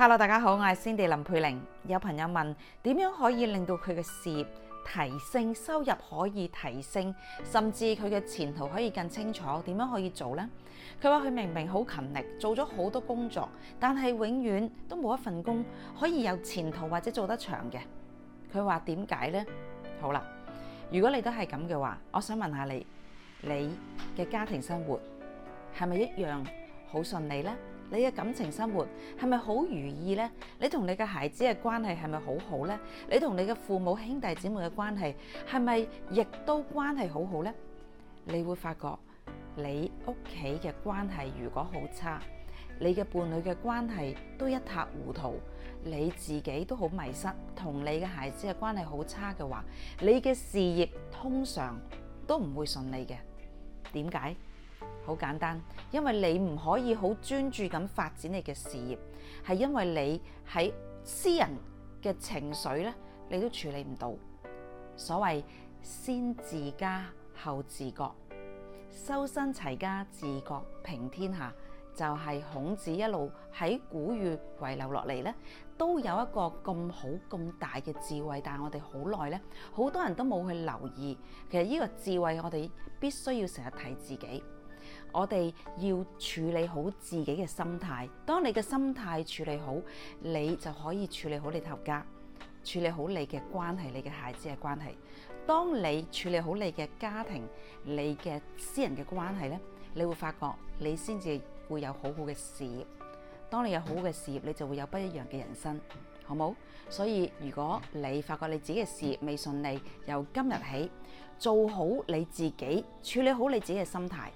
Hello，大家好，我係 Cindy 林佩玲。有朋友問點樣可以令到佢嘅事業提升，收入可以提升，甚至佢嘅前途可以更清楚，點樣可以做呢？佢話佢明明好勤力，做咗好多工作，但係永遠都冇一份工可以有前途或者做得長嘅。佢話點解呢？好啦，如果你都係咁嘅話，我想問下你，你嘅家庭生活係咪一樣好順利呢？你嘅感情生活係咪好如意呢？你同你嘅孩子嘅關係係咪好好呢？你同你嘅父母兄弟姊妹嘅關係係咪亦都關係好好呢？你會發覺你屋企嘅關係如果好差，你嘅伴侶嘅關係都一塌糊塗，你自己都好迷失，同你嘅孩子嘅關係好差嘅話，你嘅事業通常都唔會順利嘅。點解？好簡單，因為你唔可以好專注咁發展你嘅事業，係因為你喺私人嘅情緒咧，你都處理唔到。所謂先自家後治國，修身齊家治國平天下，就係、是、孔子一路喺古語遺留落嚟咧，都有一個咁好咁大嘅智慧。但係我哋好耐咧，好多人都冇去留意。其實呢個智慧，我哋必須要成日睇自己。我哋要處理好自己嘅心態。當你嘅心態處理好，你就可以處理好你頭家，處理好你嘅關係，你嘅孩子嘅關係。當你處理好你嘅家庭，你嘅私人嘅關係咧，你會發覺你先至會有好好嘅事業。當你有好好嘅事業，你就會有不一樣嘅人生，好冇？所以如果你發覺你自己嘅事業未順利，由今日起做好你自己，處理好你自己嘅心態。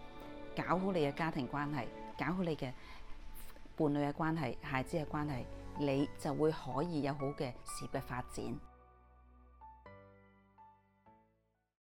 搞好你嘅家庭關係，搞好你嘅伴侶嘅關係，孩子嘅關係，你就會可以有好嘅事業的發展。